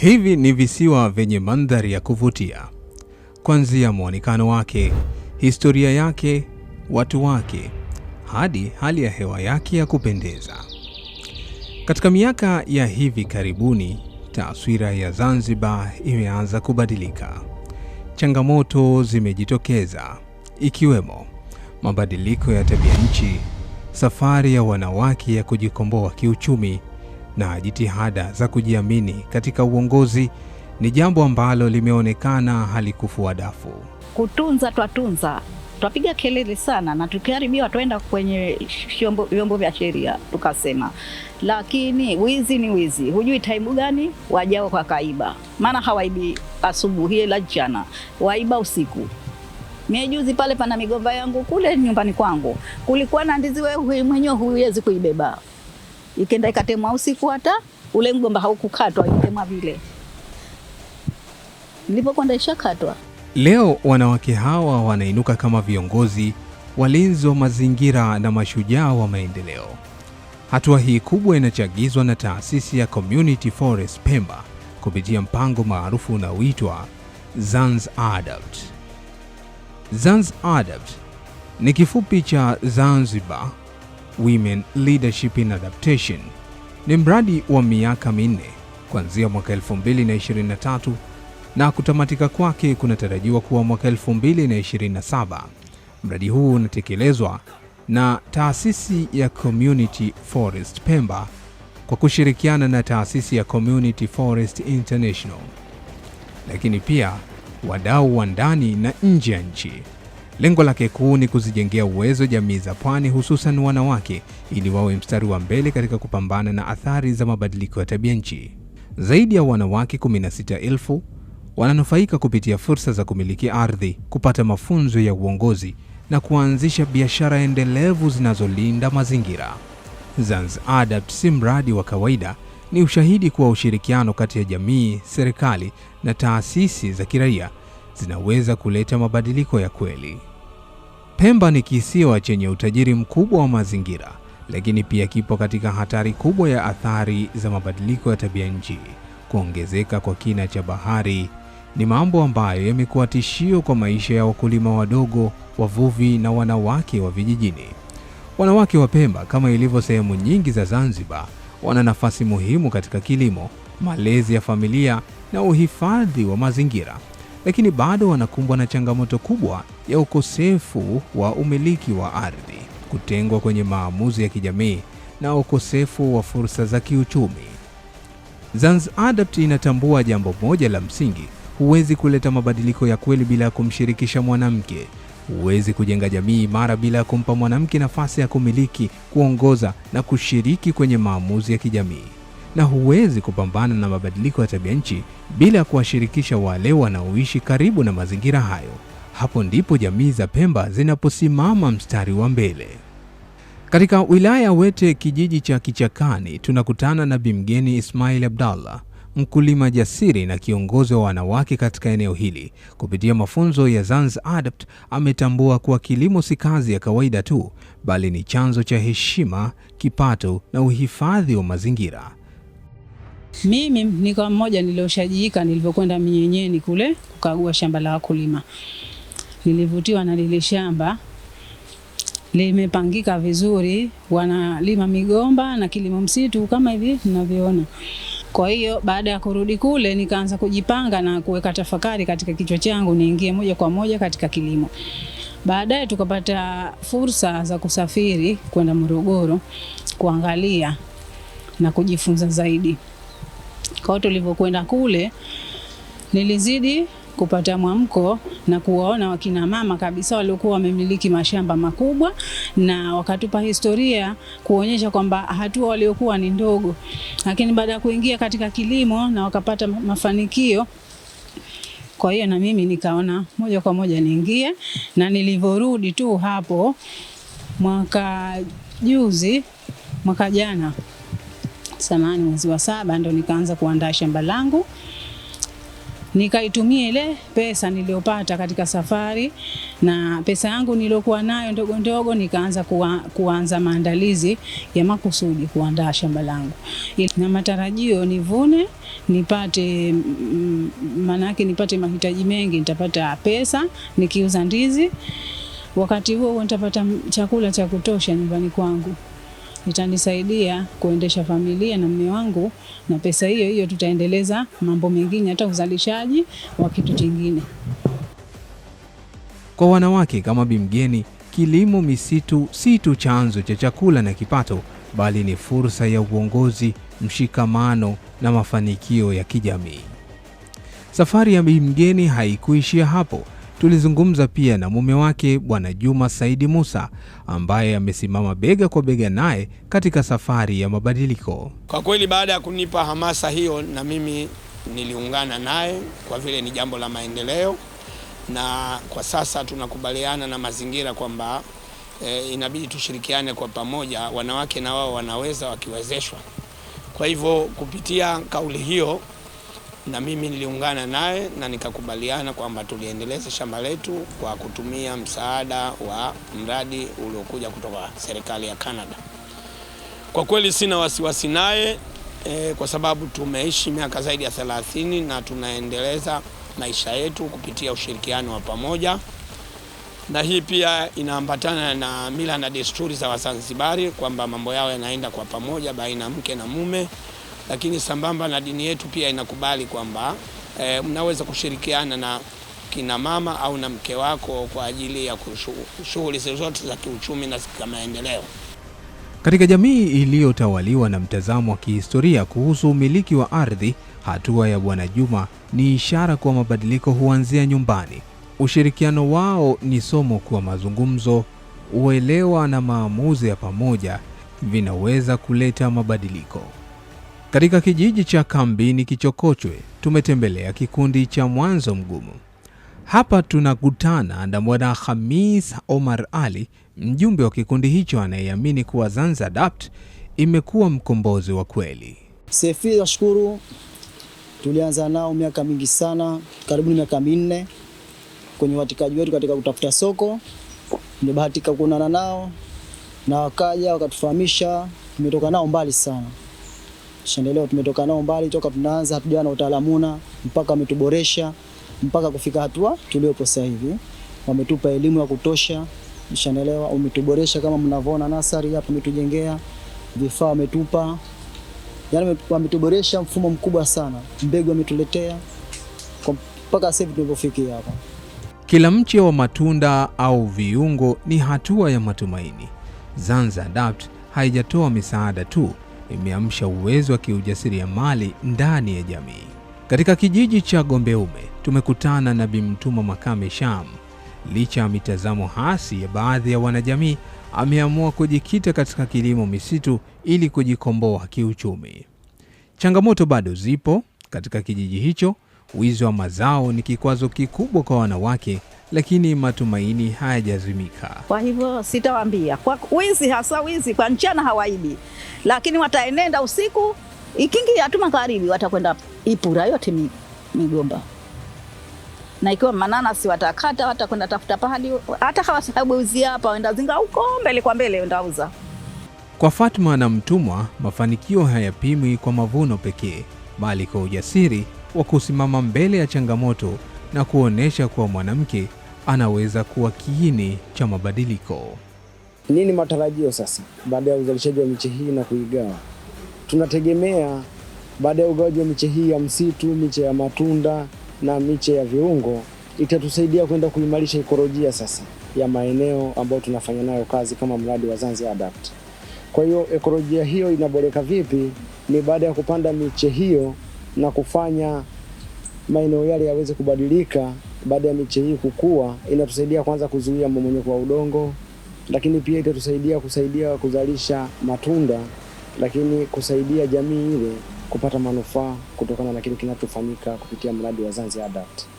Hivi ni visiwa vyenye mandhari ya kuvutia kuanzia muonekano wake, historia yake, watu wake, hadi hali ya hewa yake ya kupendeza. Katika miaka ya hivi karibuni, taswira ya Zanzibar imeanza kubadilika. Changamoto zimejitokeza ikiwemo mabadiliko ya tabia nchi, safari ya wanawake ya kujikomboa kiuchumi na jitihada za kujiamini katika uongozi ni jambo ambalo limeonekana halikufua dafu. Kutunza twatunza, twapiga kelele sana, na tukiharibiwa twenda kwenye vyombo vya sheria tukasema, lakini wizi ni wizi, hujui taimu gani wajao kwa kaiba, maana hawaibi asubuhi ila mchana, waiba usiku. Miejuzi pale pana migomba yangu kule nyumbani kwangu, kulikuwa na ndizi, wewe mwenyewe huwezi kuibeba ikenda ikatemwa usiku, hata ule mgomba haukukatwa, ilitemwa vile nilipokwenda ishakatwa. Leo wanawake hawa wanainuka kama viongozi, walinzi wa mazingira na mashujaa wa maendeleo. Hatua hii kubwa inachagizwa na taasisi ya Community Forest Pemba kupitia mpango maarufu unaoitwa Zans Adapt. Zans Adapt ni kifupi cha Zanzibar Women Leadership in Adaptation. Ni mradi wa miaka minne kuanzia mwaka 2023 na kutamatika kwake kunatarajiwa kuwa mwaka 2027. Mradi huu unatekelezwa na taasisi ya Community Forest Pemba kwa kushirikiana na taasisi ya Community Forest International, lakini pia wadau wa ndani na nje ya nchi. Lengo lake kuu ni kuzijengea uwezo jamii za pwani, hususan wanawake, ili wawe mstari wa mbele katika kupambana na athari za mabadiliko ya tabia nchi. Zaidi ya wanawake 16,000 wananufaika kupitia fursa za kumiliki ardhi, kupata mafunzo ya uongozi na kuanzisha biashara endelevu zinazolinda mazingira. Zanzibar Adapt si mradi wa kawaida, ni ushahidi kuwa ushirikiano kati ya jamii, serikali na taasisi za kiraia zinaweza kuleta mabadiliko ya kweli. Pemba ni kisiwa chenye utajiri mkubwa wa mazingira, lakini pia kipo katika hatari kubwa ya athari za mabadiliko ya tabia nchi. Kuongezeka kwa kina cha bahari ni mambo ambayo yamekuwa tishio kwa maisha ya wakulima wadogo, wavuvi na wanawake wa vijijini. Wanawake wa Pemba, kama ilivyo sehemu nyingi za Zanzibar, wana nafasi muhimu katika kilimo, malezi ya familia na uhifadhi wa mazingira lakini bado wanakumbwa na changamoto kubwa ya ukosefu wa umiliki wa ardhi, kutengwa kwenye maamuzi ya kijamii na ukosefu wa fursa za kiuchumi. Zanzibar inatambua jambo moja la msingi: huwezi kuleta mabadiliko ya kweli bila ya kumshirikisha mwanamke. Huwezi kujenga jamii imara bila ya kumpa mwanamke nafasi ya kumiliki, kuongoza na kushiriki kwenye maamuzi ya kijamii na huwezi kupambana na mabadiliko ya tabia nchi bila kuwashirikisha wale wanaoishi karibu na mazingira hayo. Hapo ndipo jamii za Pemba zinaposimama mstari wa mbele. Katika wilaya ya Wete, kijiji cha Kichakani, tunakutana na Bimgeni Ismail Abdallah, mkulima jasiri na kiongozi wa wanawake katika eneo hili. Kupitia mafunzo ya Zans Adapt, ametambua kuwa kilimo si kazi ya kawaida tu, bali ni chanzo cha heshima, kipato na uhifadhi wa mazingira. Mimi ni kama mmoja nilioshajiika nilivyokwenda mienyeni kule kukagua shamba la wakulima. Nilivutiwa na lile shamba limepangika vizuri, wanalima migomba na kilimo msitu kama hivi tunavyoona. Kwa hiyo baada ya kurudi kule, nikaanza kujipanga na kuweka tafakari katika kichwa changu niingie moja kwa moja katika kilimo. Baadaye tukapata fursa za kusafiri kwenda Morogoro kuangalia na kujifunza zaidi. Kwa hiyo tulivyokwenda kule, nilizidi kupata mwamko na kuwaona wakina mama kabisa waliokuwa wamemiliki mashamba makubwa, na wakatupa historia kuonyesha kwamba hatua waliokuwa ni ndogo, lakini baada ya kuingia katika kilimo na wakapata mafanikio kwa hiyo na mimi nikaona moja kwa moja niingie, na nilivyorudi tu hapo mwaka juzi, mwaka jana samani mwezi wa saba ndo nikaanza kuandaa shamba langu, nikaitumia ile pesa niliyopata katika safari na pesa yangu niliyokuwa nayo ndogo ndogo, nikaanza kuwa, kuanza maandalizi ya makusudi kuandaa shamba langu, na matarajio nivune nipate maanake, mm, nipate mahitaji mengi, nitapata pesa nikiuza ndizi, wakati huo huo nitapata chakula cha kutosha nyumbani kwangu itanisaidia kuendesha familia na mume wangu, na pesa hiyo hiyo tutaendeleza mambo mengine, hata uzalishaji wa kitu kingine. Kwa wanawake kama Bi Mgeni, kilimo misitu si tu chanzo cha chakula na kipato, bali ni fursa ya uongozi, mshikamano na mafanikio ya kijamii. Safari ya Bi Mgeni haikuishia hapo. Tulizungumza pia na mume wake Bwana Juma Saidi Musa ambaye amesimama bega kwa bega naye katika safari ya mabadiliko. Kwa kweli, baada ya kunipa hamasa hiyo, na mimi niliungana naye kwa vile ni jambo la maendeleo, na kwa sasa tunakubaliana na mazingira kwamba e, inabidi tushirikiane kwa pamoja, wanawake na wao wanaweza wakiwezeshwa. Kwa hivyo kupitia kauli hiyo na mimi niliungana naye na nikakubaliana kwamba tuliendeleza shamba letu kwa kutumia msaada wa mradi uliokuja kutoka serikali ya Canada. Kwa kweli sina wasiwasi naye e, kwa sababu tumeishi miaka zaidi ya 30 na tunaendeleza maisha yetu kupitia ushirikiano wa pamoja, na hii pia inaambatana na mila na desturi za Wazanzibari kwamba mambo yao yanaenda kwa pamoja baina ya mke na mume lakini sambamba na dini yetu pia inakubali kwamba e, mnaweza kushirikiana na kina mama au na mke wako kwa ajili ya shughuli zozote za kiuchumi na za maendeleo. Katika jamii iliyotawaliwa na mtazamo wa kihistoria kuhusu umiliki wa ardhi, hatua ya Bwana Juma ni ishara kuwa mabadiliko huanzia nyumbani. Ushirikiano wao ni somo kuwa mazungumzo, uelewa na maamuzi ya pamoja vinaweza kuleta mabadiliko. Katika kijiji cha Kambini Kichokochwe tumetembelea kikundi cha Mwanzo Mgumu. Hapa tunakutana na Bwana Khamis Omar Ali, mjumbe wa kikundi hicho anayeamini kuwa zanzadapt imekuwa mkombozi wa kweli. Sefi, nashukuru. Tulianza nao miaka mingi sana, karibu miaka minne kwenye watikaji wetu katika kutafuta soko. Tumebahatika kuonana nao na wakaja wakatufahamisha, tumetoka nao mbali sana. Tushaendelea, tumetoka nao mbali toka tunaanza, hatujawa na utaalamuna mpaka wametuboresha mpaka kufika hatua tuliopo sasa hivi. Wametupa elimu ya kutosha, tushaendelea, umetuboresha kama mnavyoona, nasari hapa umetujengea vifaa, wametupa yani, wametuboresha mfumo mkubwa sana, mbegu wametuletea mpaka sasa hivi tulipofikia hapa. Kila mche wa matunda au viungo ni hatua ya matumaini. Zanziadapt haijatoa misaada tu imeamsha uwezo wa kiujasiriamali ndani ya jamii. Katika kijiji cha Gombeume tumekutana na Bi Makame Sham. Licha ya mitazamo hasi ya baadhi ya wanajamii, ameamua kujikita katika kilimo misitu ili kujikomboa kiuchumi. Changamoto bado zipo katika kijiji hicho. Wizi wa mazao ni kikwazo kikubwa kwa wanawake lakini matumaini hayajazimika. Kwa hivyo sitawaambia kwa wizi, hasa wizi kwa mchana hawaibi, lakini wataenenda usiku, ikingia tu magharibi watakwenda ipura yote migomba na ikiwa mananasi watakata, watakwenda tafuta pahali, hata hawasabuzi hapa waenda zinga huko mbele kwa mbele ndauza. Kwa Fatma na mtumwa, mafanikio hayapimwi kwa mavuno pekee, bali kwa ujasiri wa kusimama mbele ya changamoto na kuonyesha kuwa mwanamke anaweza kuwa kiini cha mabadiliko. Nini matarajio sasa baada ya uzalishaji wa miche hii na kuigawa? Tunategemea baada ya ugawaji wa miche hii ya msitu, miche ya matunda na miche ya viungo itatusaidia kwenda kuimarisha ekolojia sasa ya maeneo ambayo tunafanya nayo kazi kama mradi wa Zanzibar Adapt. Kwa hiyo ekolojia hiyo inaboreka vipi? Ni baada ya kupanda miche hiyo na kufanya maeneo yale yaweze kubadilika baada ya miche hii kukua. Inatusaidia kwanza kuzuia mmomonyoko wa udongo, lakini pia itatusaidia kusaidia kuzalisha matunda, lakini kusaidia jamii ile kupata manufaa kutokana na kile kinachofanyika kupitia mradi wa Zanzibar Adapt.